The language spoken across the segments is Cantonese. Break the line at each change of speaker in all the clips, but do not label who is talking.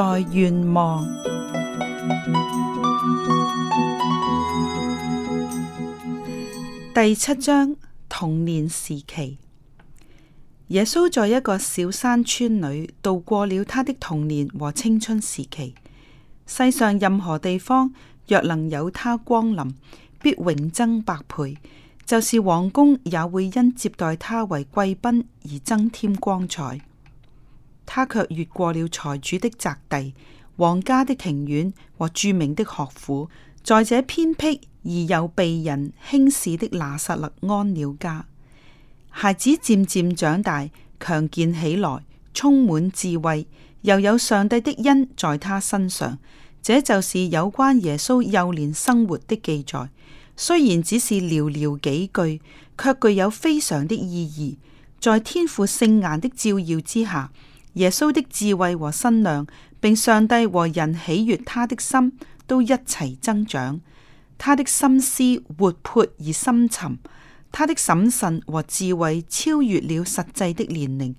在代願望第七章童年時期。耶穌在一個小山村裏度過了他的童年和青春時期。世上任何地方若能有他光臨，必榮增百倍；就是王宮也會因接待他為貴賓而增添光彩。他卻越過了財主的宅地、皇家的庭院和著名的學府，在這偏僻而又被人輕視的拿撒勒安了家。孩子漸漸長大，強健起來，充滿智慧，又有上帝的恩在他身上。這就是有關耶穌幼年生活的記載，雖然只是寥寥幾句，卻具有非常的意義。在天父聖顏的照耀之下。耶穌的智慧和身量，並上帝和人喜悅他的心，都一齊增長。他的心思活潑而深沉，他的審慎和智慧超越了實際的年齡。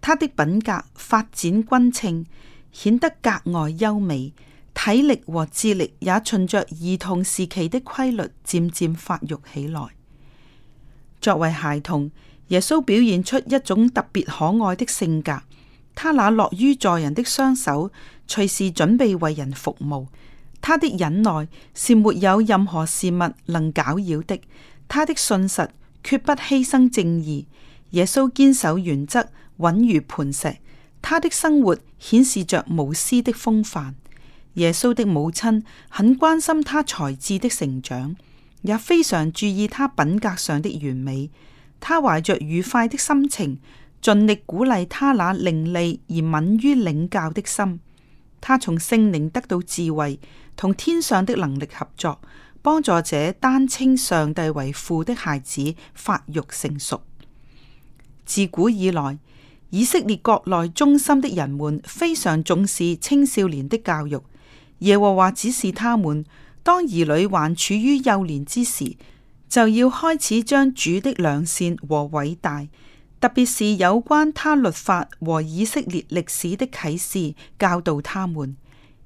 他的品格發展均稱，顯得格外優美。體力和智力也循着兒童時期的規律，漸漸發育起來。作為孩童，耶穌表現出一種特別可愛的性格。他那樂於助人的雙手，隨時準備為人服務。他的忍耐是沒有任何事物能攪擾的。他的信實決不犧牲正義。耶穌堅守原則，穩如磐石。他的生活顯示着無私的風範。耶穌的母親很關心他才智的成長，也非常注意他品格上的完美。他懷着愉快的心情。盡力鼓勵他那伶俐而敏於領教的心，他從聖靈得到智慧，同天上的能力合作，幫助這單稱上帝為父的孩子發育成熟。自古以來，以色列國內忠心的人們非常重視青少年的教育。耶和華指示他們，當兒女還處於幼年之時，就要開始將主的良善和偉大。特別是有關他律法和以色列歷史的啟示，教導他們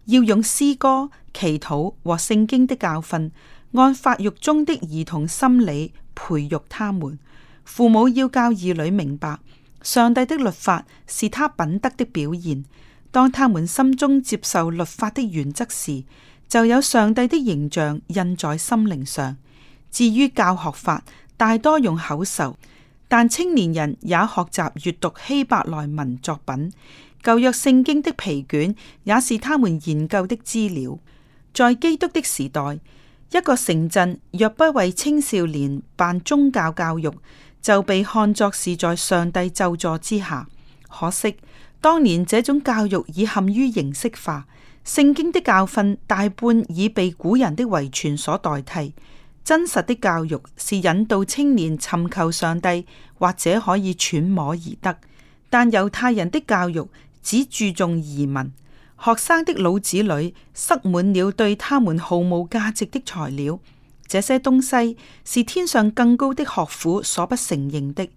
要用詩歌、祈禱和聖經的教訓，按發育中的兒童心理培育他們。父母要教兒女明白上帝的律法是他品德的表現。當他們心中接受律法的原則時，就有上帝的形象印在心靈上。至於教學法，大多用口授。但青年人也學習閱讀希伯來文作品，舊約聖經的皮卷也是他們研究的資料。在基督的時代，一個城鎮若不為青少年辦宗教教育，就被看作是在上帝咒詛之下。可惜當年這種教育已陷於形式化，聖經的教訓大半已被古人的遺傳所代替。真實的教育是引導青年尋求上帝，或者可以揣摩而得。但猶太人的教育只注重移民，學生的腦子裏塞滿了對他們毫無價值的材料。這些東西是天上更高的學府所不承認的。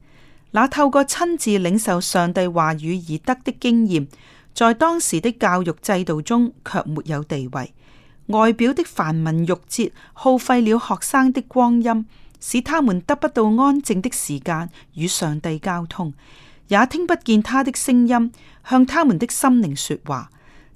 那透過親自領受上帝話語而得的經驗，在當時的教育制度中卻沒有地位。外表的繁文縟節耗費了學生的光陰，使他們得不到安靜的時間與上帝交通，也聽不見他的聲音向他們的心靈說話。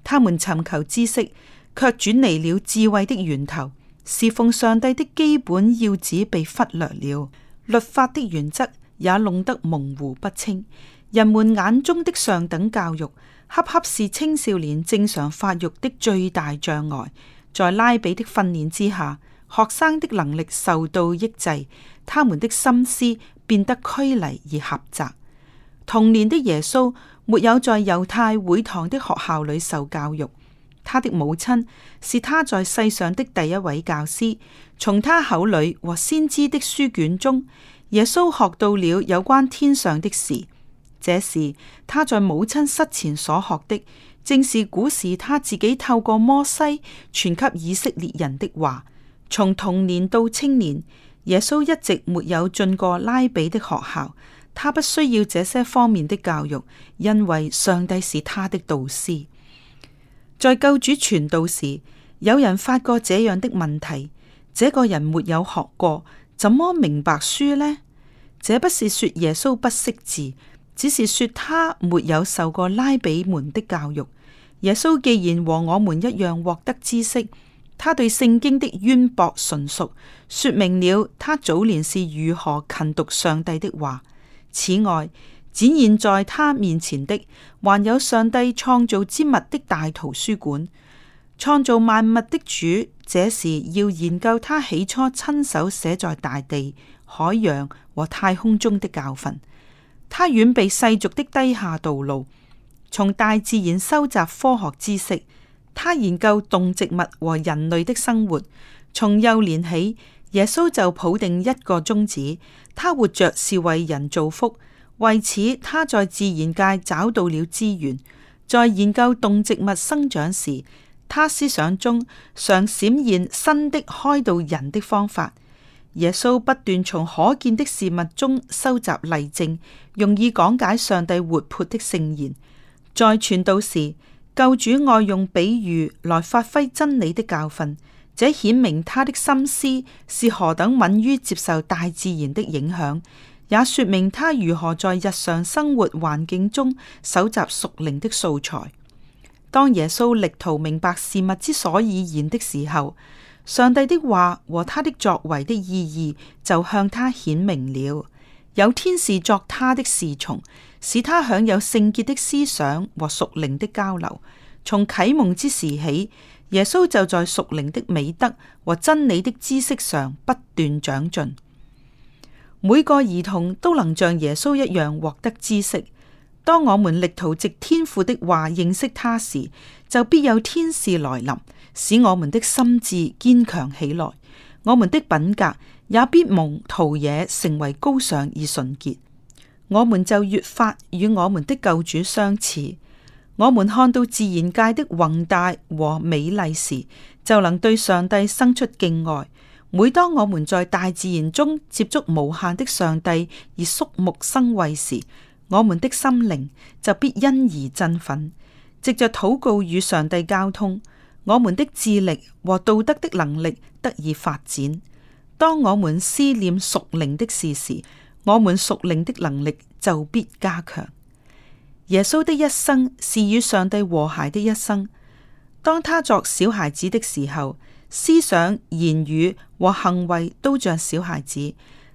他們尋求知識，卻轉離了智慧的源頭，侍奉上帝的基本要旨被忽略了，律法的原則也弄得模糊不清。人們眼中的上等教育，恰恰是青少年正常發育的最大障礙。在拉比的訓練之下，學生的能力受到抑制，他們的心思變得拘泥而狹窄。童年的耶穌沒有在猶太會堂的學校裏受教育，他的母親是他在世上的第一位教師。從他口裏和先知的書卷中，耶穌學到了有關天上的事，這是他在母親膝前所學的。正是古時他自己透過摩西傳給以色列人的話。從童年到青年，耶穌一直沒有進過拉比的學校。他不需要這些方面的教育，因為上帝是他的導師。在救主傳道時，有人發過這樣的問題：這個人沒有學過，怎麼明白書呢？這不是說耶穌不識字，只是說他沒有受過拉比們的教育。耶穌既然和我們一樣獲得知識，他對聖經的淵博純熟，說明了他早年是如何勤讀上帝的話。此外，展現在他面前的，還有上帝創造之物的大圖書館，創造萬物的主，這是要研究他起初親手寫在大地、海洋和太空中的教訓。他遠避世俗的低下道路。從大自然收集科學知識，他研究動植物和人類的生活。從幼年起，耶穌就抱定一個宗旨：他活着是為人造福。為此，他在自然界找到了資源。在研究動植物生長時，他思想中常閃現新的開導人的方法。耶穌不斷從可見的事物中收集例證，用以講解上帝活潑的聖言。在傳道時，救主愛用比喻來發揮真理的教訓，這顯明他的心思是何等敏於接受大自然的影響，也說明他如何在日常生活環境中搜集屬靈的素材。當耶穌力圖明白事物之所以然的時候，上帝的話和他的作為的意義就向他顯明了。有天使作他的侍從，使他享有聖潔的思想和屬靈的交流。從啟蒙之時起，耶穌就在屬靈的美德和真理的知識上不斷長進。每個兒童都能像耶穌一樣獲得知識。當我們力圖藉天父的話認識他時，就必有天使來臨，使我們的心智堅強起來，我們的品格。也必蒙陶冶，成為高尚而純潔。我們就越發與我們的救主相似。我們看到自然界的宏大和美麗時，就能對上帝生出敬愛。每當我們在大自然中接觸無限的上帝而肅穆生畏時，我們的心靈就必因而振奮。藉着禱告與上帝交通，我們的智力和道德的能力得以發展。當我們思念屬靈的事時，我們屬靈的能力就必加強。耶穌的一生是與上帝和諧的一生。當他作小孩子的時候，思想、言語和行為都像小孩子，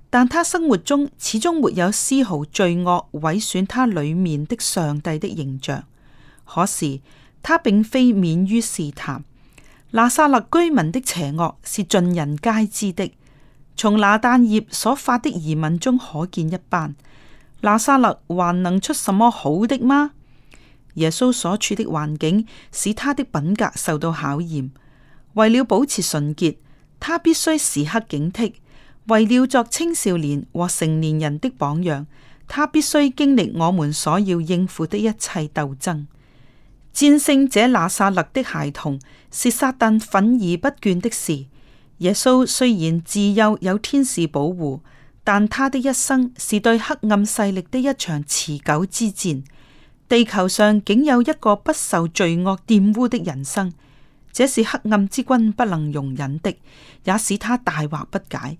但他生活中始終沒有絲毫罪惡毀損他裏面的上帝的形象。可是他並非免於試探。拿撒勒居民的邪惡是盡人皆知的。從拿但業所發的疑問中可見一斑，拿撒勒還能出什麼好的嗎？耶穌所處的環境使他的品格受到考驗，為了保持純潔，他必須時刻警惕；為了作青少年和成年人的榜樣，他必須經歷我們所要應付的一切鬥爭。戰勝這拿撒勒的孩童，是撒旦憤而不倦的事。耶穌雖然自幼有天使保護，但他的一生是對黑暗勢力的一場持久之戰。地球上竟有一個不受罪惡玷污，污的人生，這是黑暗之君不能容忍的，也使他大惑不解。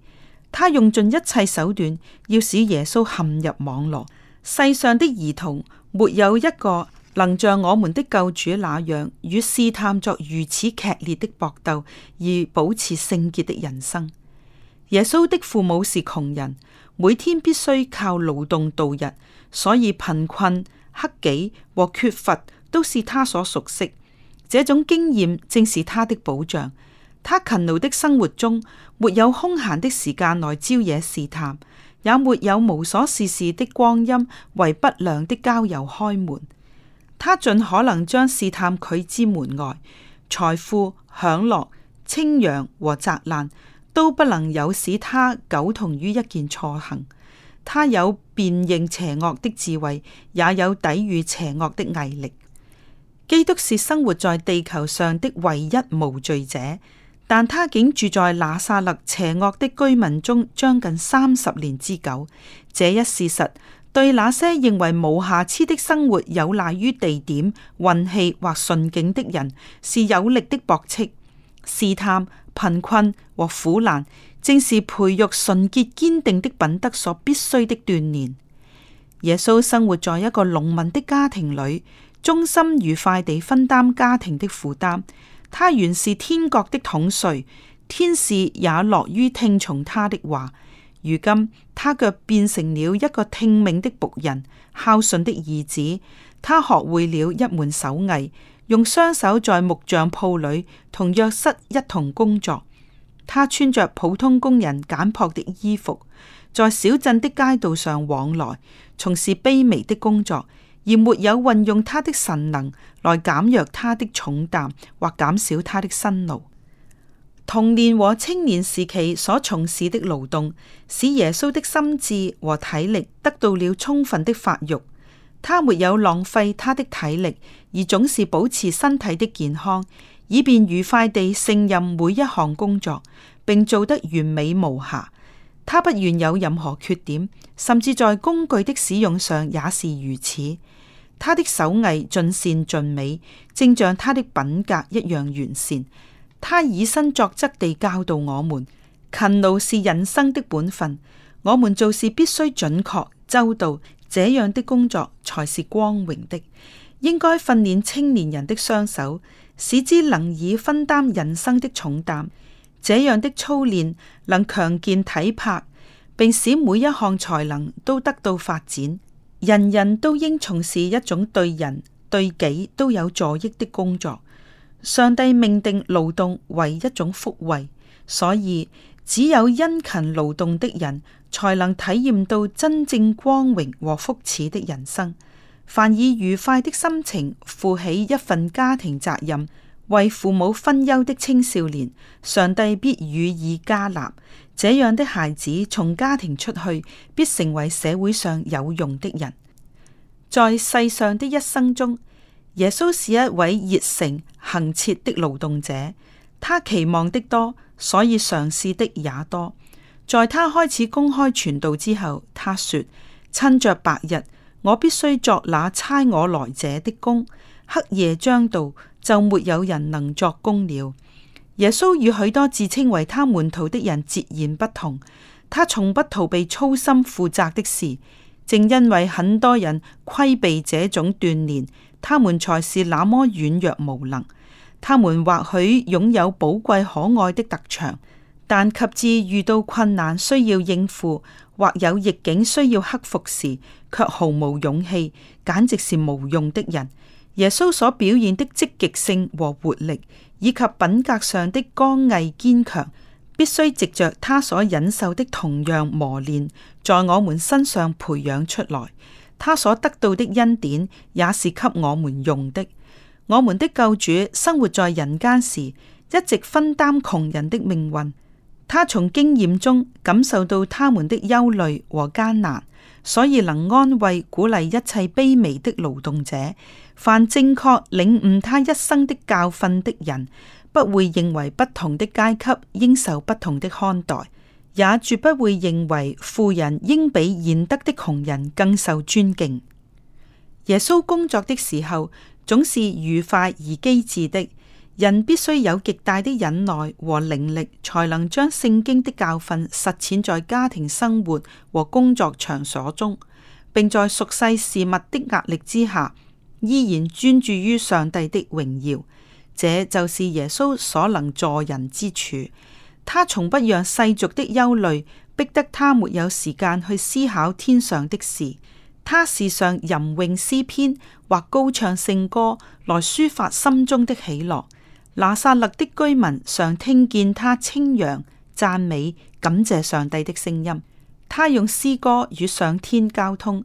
他用盡一切手段，要使耶穌陷入網絡。世上的兒童，沒有一個。能像我們的救主那樣與試探作如此劇烈的搏鬥而保持聖潔的人生。耶穌的父母是窮人，每天必須靠勞動度日，所以貧困、克己和缺乏都是他所熟悉。這種經驗正是他的保障。他勤勞的生活中沒有空閒的時間來招惹試探，也沒有無所事事的光陰為不良的交友開門。他盡可能將試探拒之門外，財富、享樂、清揚和責難都不能有使他苟同於一件錯行。他有辨認邪惡的智慧，也有抵禦邪惡的毅力。基督是生活在地球上的唯一無罪者，但他竟住在拿撒勒邪惡的居民中將近三十年之久，這一事實，對那些認為冇瑕疵的生活有賴於地點、運氣或順境的人，是有力的駁斥。試探、貧困和苦難，正是培育純潔堅定的品德所必須的鍛煉。耶穌生活在一個農民的家庭裏，忠心愉快地分擔家庭的負擔。他原是天國的統帥，天使也樂於聽從他的話。如今，他卻變成了一個聽命的僕人、孝順的兒子。他學會了一門手藝，用雙手在木匠鋪裏同約瑟一同工作。他穿着普通工人簡樸的衣服，在小鎮的街道上往來，從事卑微的工作，而沒有運用他的神能來減弱他的重擔或減少他的辛勞。童年和青年時期所從事的勞動，使耶穌的心智和體力得到了充分的發育。他沒有浪費他的體力，而總是保持身體的健康，以便愉快地勝任每一項工作，並做得完美無瑕。他不願有任何缺點，甚至在工具的使用上也是如此。他的手藝盡善盡美，正像他的品格一樣完善。他以身作則地教導我們，勤勞是人生的本分。我們做事必須準確周到，這樣的工作才是光榮的。應該訓練青年人的雙手，使之能以分擔人生的重擔。這樣的操練能強健體魄，並使每一項才能都得到發展。人人都應從事一種對人對己都有助益的工作。上帝命定勞動為一種福惠，所以只有殷勤勞動的人，才能體驗到真正光榮和福祉的人生。凡以愉快的心情負起一份家庭責任，為父母分憂的青少年，上帝必予以嘉納。這樣的孩子從家庭出去，必成為社會上有用的人。在世上的一生中。耶穌是一位熱誠、行切的勞動者，他期望的多，所以嘗試的也多。在他開始公開傳道之後，他說：趁着白日，我必須作那差我來者的工；黑夜將到，就沒有人能作工了。耶穌與許多自稱為他門徒的人截然不同，他從不逃避操心負責的事。正因為很多人規避這種鍛煉。他們才是那麼軟弱無能。他們或許擁有寶貴可愛的特長，但及至遇到困難需要應付，或有逆境需要克服時，却毫無勇氣，簡直是無用的人。耶穌所表現的積極性和活力，以及品格上的剛毅堅強，必須藉着他所忍受的同樣磨練，在我們身上培養出來。他所得到的恩典也是給我們用的。我們的救主生活在人間時，一直分擔窮人的命運。他從經驗中感受到他們的憂慮和艱難，所以能安慰、鼓勵一切卑微的勞動者。凡正確領悟他一生的教訓的人，不會認為不同的階級應受不同的看待。也絕不會認為富人應比賢德的窮人更受尊敬。耶穌工作的時候，總是愉快而機智的。人必須有極大的忍耐和靈力，才能將聖經的教訓實踐在家庭生活和工作場所中，並在俗世事物的壓力之下，依然專注於上帝的榮耀。這就是耶穌所能助人之處。他從不讓世俗的憂慮逼得他沒有時間去思考天上的事。他時常吟詠詩篇或高唱聖歌來抒發心中的喜樂。拿撒勒的居民常聽見他清揚讚美感謝上帝的聲音。他用詩歌與上天交通。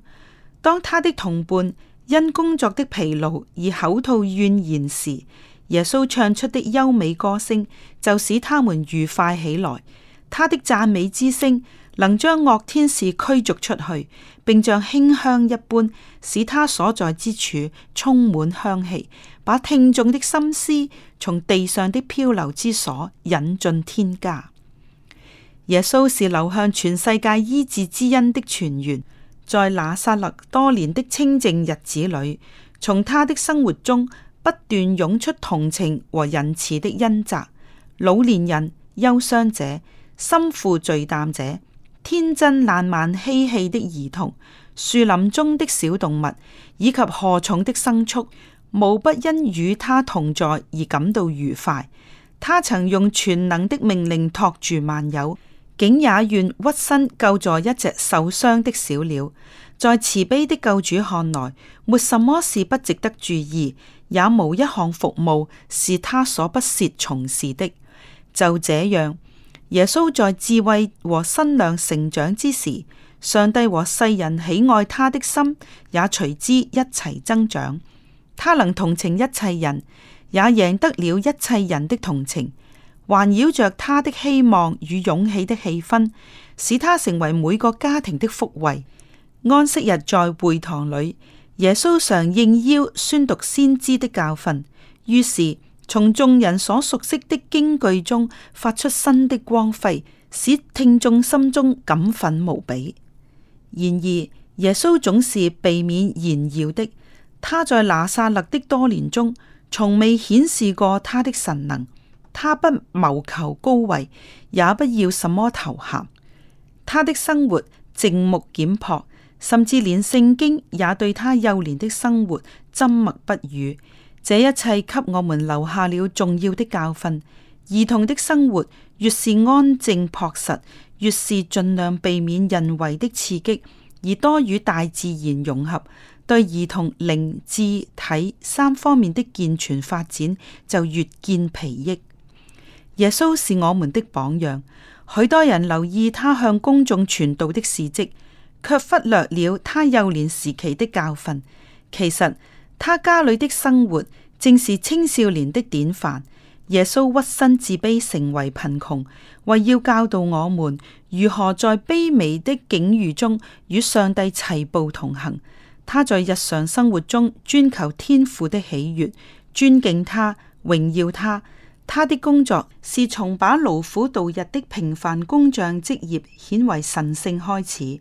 當他的同伴因工作的疲勞而口吐怨言時，耶穌唱出的優美歌聲就使他們愉快起來。他的讚美之聲能將惡天使驅逐出去，並像馨香一般，使他所在之處充滿香氣，把聽眾的心思從地上的漂流之所引進天家。耶穌是流向全世界醫治之恩的泉源。在拿撒勒多年的清靜日子裏，從他的生活中，不斷湧出同情和仁慈的恩澤，老年人、憂傷者、心負罪擔者、天真爛漫嬉戲的兒童、樹林中的小動物以及荷重的牲畜，無不因與他同在而感到愉快。他曾用全能的命令托住萬有，竟也願屈身救助一隻受傷的小鳥。在慈悲的救主看來，沒什麼事不值得注意，也無一項服務是他所不屑從事的。就這樣，耶穌在智慧和身量成長之時，上帝和世人喜愛他的心也隨之一齊增長。他能同情一切人，也贏得了一切人的同情。環繞着他的希望與勇氣的氣氛，使他成為每個家庭的福慧。安息日在會堂裏，耶穌常應邀宣讀先知的教訓。於是從眾人所熟悉的經句中發出新的光輝，使聽眾心中感奮無比。然而耶穌總是避免炫耀的。他在拿撒勒的多年中，從未顯示過他的神能。他不謀求高位，也不要什麼頭銜。他的生活靜穆儉樸。甚至連聖經也對他幼年的生活緘默不語。這一切給我們留下了重要的教訓：兒童的生活越是安靜樸實，越是盡量避免人為的刺激，而多與大自然融合，對兒童靈、智、體三方面的健全發展就越見裨益。耶穌是我們的榜樣，許多人留意他向公眾傳道的事蹟。卻忽略了他幼年時期的教訓。其實他家裏的生活正是青少年的典範。耶穌屈身自卑，成為貧窮，為要教導我們如何在卑微的境遇中與上帝齊步同行。他在日常生活中專求天父的喜悅，尊敬他，榮耀他。他的工作是從把勞苦度日的平凡工匠職業顯為神聖開始。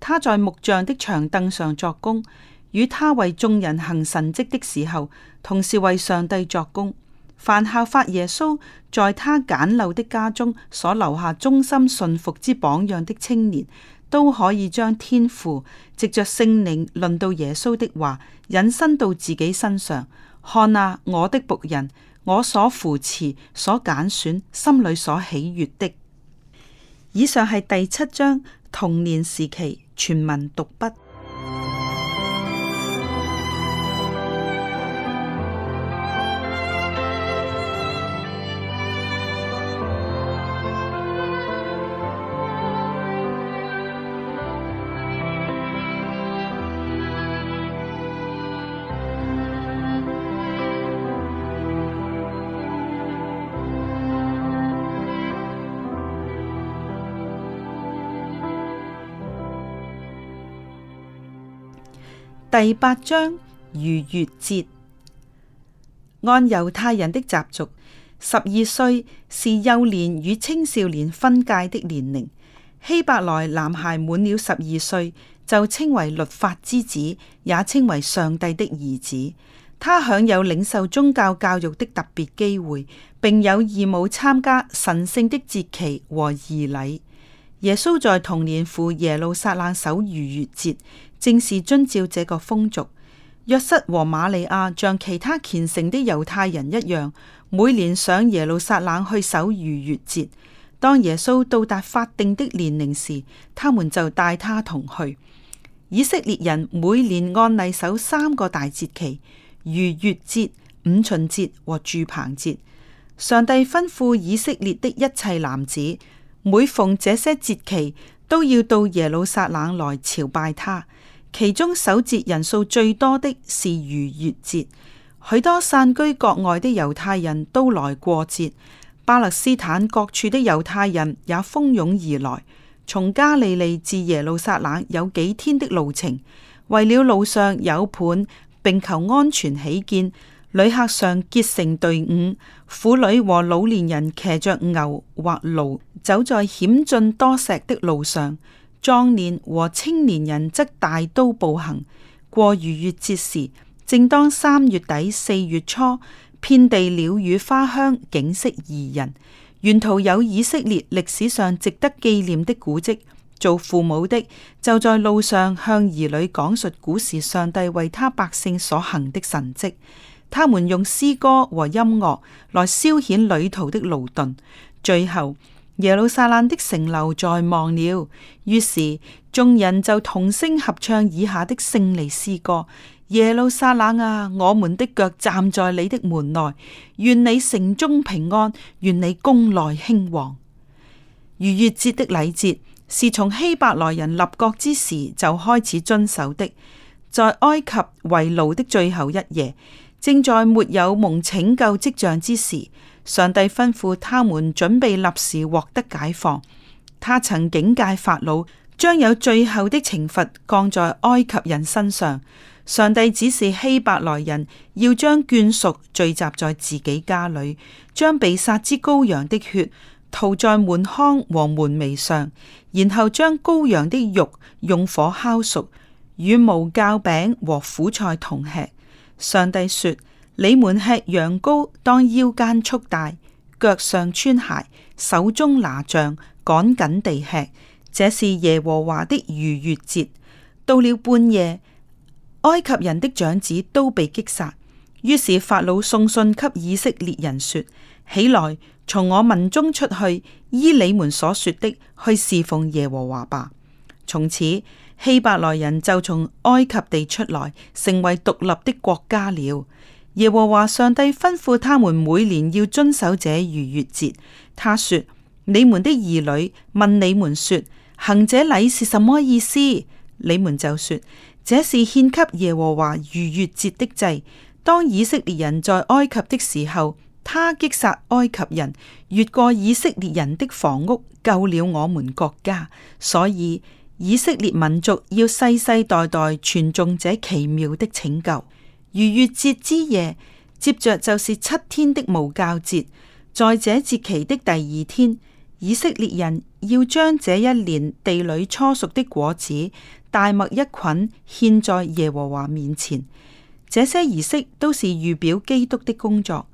他在木匠的長凳上作工，與他為眾人行神蹟的時候，同時為上帝作工。凡效法耶穌，在他簡陋的家中所留下忠心信服之榜樣的青年，都可以將天父藉着聖靈論到耶穌的話，引申到自己身上。看啊，我的僕人，我所扶持、所揀選、心裏所喜悦的。以上係第七章。童年時期，全民讀筆。第八章，逾越節，按猶太人的習俗，十二歲是幼年與青少年分界的年齡。希伯來男孩滿了十二歲，就稱為律法之子，也稱為上帝的兒子。他享有領受宗教教育的特別機會，並有義務參加神聖的節期和儀禮。耶穌在童年赴耶路撒冷守逾越節。正是遵照這個風俗，約瑟和瑪利亞像其他虔誠的猶太人一樣，每年上耶路撒冷去守逾越節。當耶穌到達法定的年齡時，他們就帶他同去。以色列人每年按例守三個大節期：逾越節、五旬節和住棚節。上帝吩咐以色列的一切男子，每逢這些節期都要到耶路撒冷來朝拜他。其中首節人數最多的是逾越節，許多散居國外的猶太人都來過節，巴勒斯坦各處的猶太人也蜂擁而來。從加利利至耶路撒冷有幾天的路程，為了路上有伴，並求安全起見，旅客上結成隊伍，婦女和老年人騎着牛或驢，走在險峻多石的路上。壯年和青年人則大都步行。過逾越節時，正當三月底、四月初，遍地鳥語花香，景色宜人。沿途有以色列歷史上值得紀念的古跡。做父母的，就在路上向兒女講述古時上帝為他百姓所行的神跡。他們用詩歌和音樂來消遣旅途的勞頓。最後，耶路撒冷的城樓在望了，於是眾人就同聲合唱以下的勝利詩歌：耶路撒冷啊，我們的腳站在你的門內，願你城中平安，願你宮內興旺。逾越節的禮節是從希伯來人立國之時就開始遵守的，在埃及圍爐的最後一夜，正在沒有蒙拯救迹象之時。上帝吩咐他們準備立時獲得解放。他曾警戒法老，將有最後的懲罰降在埃及人身上。上帝指示希伯來人要將眷屬聚集在自己家裡，將被殺之羔羊的血塗在門框和門楣上，然後將羔羊的肉用火烤熟，與無酵餅和苦菜同吃。上帝說。你們吃羊羔，羔當腰間束帶，腳上穿鞋，手中拿杖，趕緊地吃。這是耶和華的逾越節。到了半夜，埃及人的長子都被擊殺。於是法老送信給以色列人說：起來，從我民中出去，依你們所說的去侍奉耶和華吧。從此，希伯來人就從埃及地出來，成為獨立的國家了。耶和華上帝吩咐他們每年要遵守這逾越節。他說：你們的兒女問你們說，行這禮是什麼意思？你們就說：這是獻給耶和華逾越節的祭。當以色列人在埃及的時候，他擊殺埃及人，越過以色列人的房屋，救了我們國家。所以以色列民族要世世代代傳頌這奇妙的拯救。逾越節之夜，接着就是七天的無酵節。在這節期的第二天，以色列人要將這一年地裏初熟的果子、大麥一捆獻在耶和華面前。這些儀式都是預表基督的工作。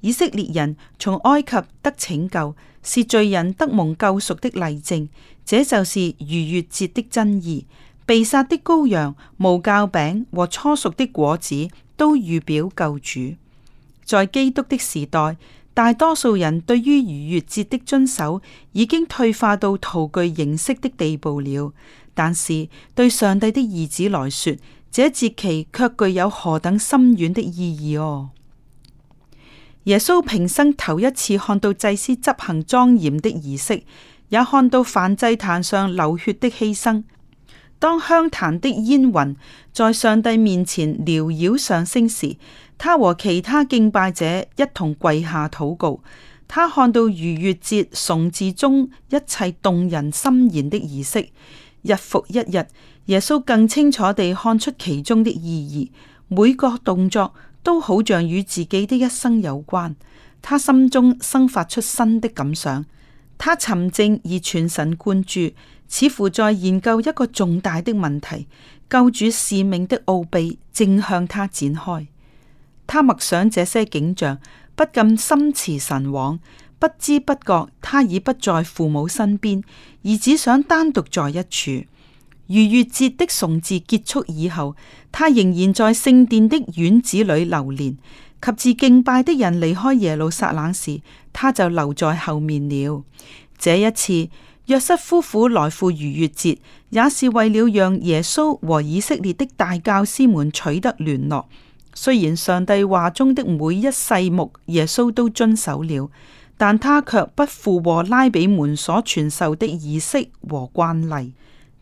以色列人從埃及得拯救，是罪人得蒙救贖的例證。這就是逾越節的真義。被殺的羔羊、無酵餅和初熟的果子都預表救主。在基督的時代，大多數人對於逾越節的遵守已經退化到徒具形式的地步了。但是對上帝的兒子來說，這節期卻具有何等深遠的意義哦！耶穌平生頭一次看到祭司執行莊嚴的儀式，也看到燔祭壇上流血的犧牲。當香壇的煙雲在上帝面前繚繞上升時，他和其他敬拜者一同跪下禱告。他看到逾越節、崇至中一切動人心弦的儀式，日復一日，耶穌更清楚地看出其中的意義。每個動作都好像與自己的一生有關。他心中生發出新的感想。他沉靜而全神貫注。似乎在研究一個重大的問題，救主使命的奧秘正向他展開。他默想這些景象，不禁心馳神往。不知不覺，他已不在父母身邊，而只想單獨在一處。逾越節的崇詞結束以後，他仍然在聖殿的院子裏流連。及至敬拜的人離開耶路撒冷時，他就留在後面了。這一次。約瑟夫婦來赴逾越節，也是為了讓耶穌和以色列的大教師們取得聯絡。雖然上帝話中的每一細目，耶穌都遵守了，但他卻不附和拉比們所傳授的儀式和慣例。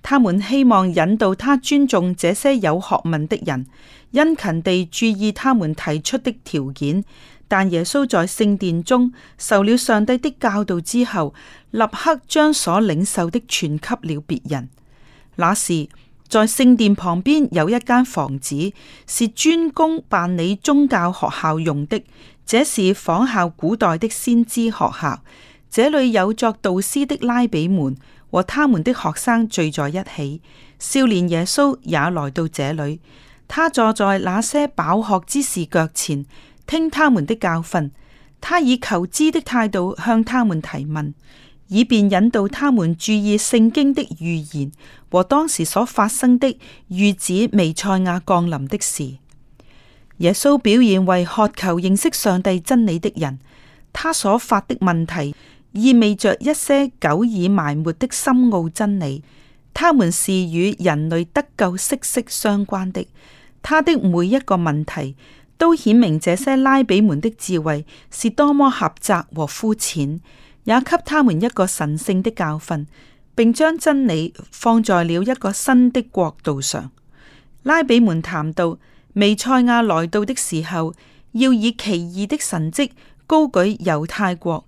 他們希望引導他尊重這些有學問的人，殷勤地注意他們提出的條件。但耶穌在聖殿中受了上帝的教導之後，立刻將所領受的傳給了別人。那時，在聖殿旁邊有一間房子，是專供辦理宗教學校用的。這是仿效古代的先知學校，這裏有作導師的拉比們和他們的學生聚在一起。少年耶穌也來到這裏，他坐在那些飽學之士腳前。聽他們的教訓，他以求知的態度向他們提問，以便引導他們注意聖經的預言和當時所發生的預指彌賽亞降臨的事。耶穌表現為渴求認識上帝真理的人，他所發的問題意味着一些久已埋沒的深奧真理，他們是與人類得救息息相關的。他的每一個問題，都顯明這些拉比們的智慧是多麼狹窄和膚淺，也給他們一個神聖的教訓，並將真理放在了一個新的國度上。拉比們談到彌賽亞來到的時候，要以奇異的神跡高舉猶太國，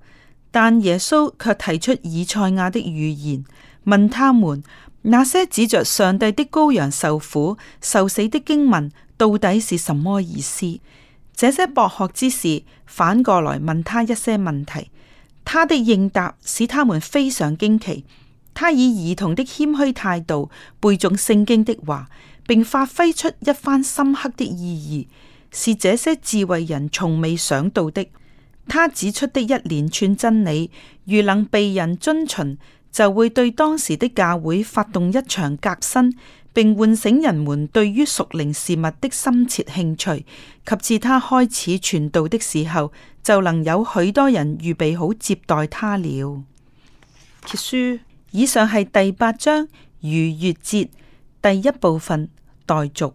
但耶穌卻提出以賽亞的預言，問他們那些指着上帝的羔羊受苦受死的經文，到底是什麼意思？這些博學之士反過來問他一些問題，他的應答使他們非常驚奇。他以兒童的謙虛態度背誦聖經的話，並發揮出一番深刻的意義，是這些智慧人從未想到的。他指出的一連串真理，如能被人遵循，就會對當時的教會發動一場革新。並喚醒人們對於屬靈事物的深切興趣，及至他開始傳道的時候，就能有許多人預備好接待他了。結束。以上係第八章逾越節第一部分，待續。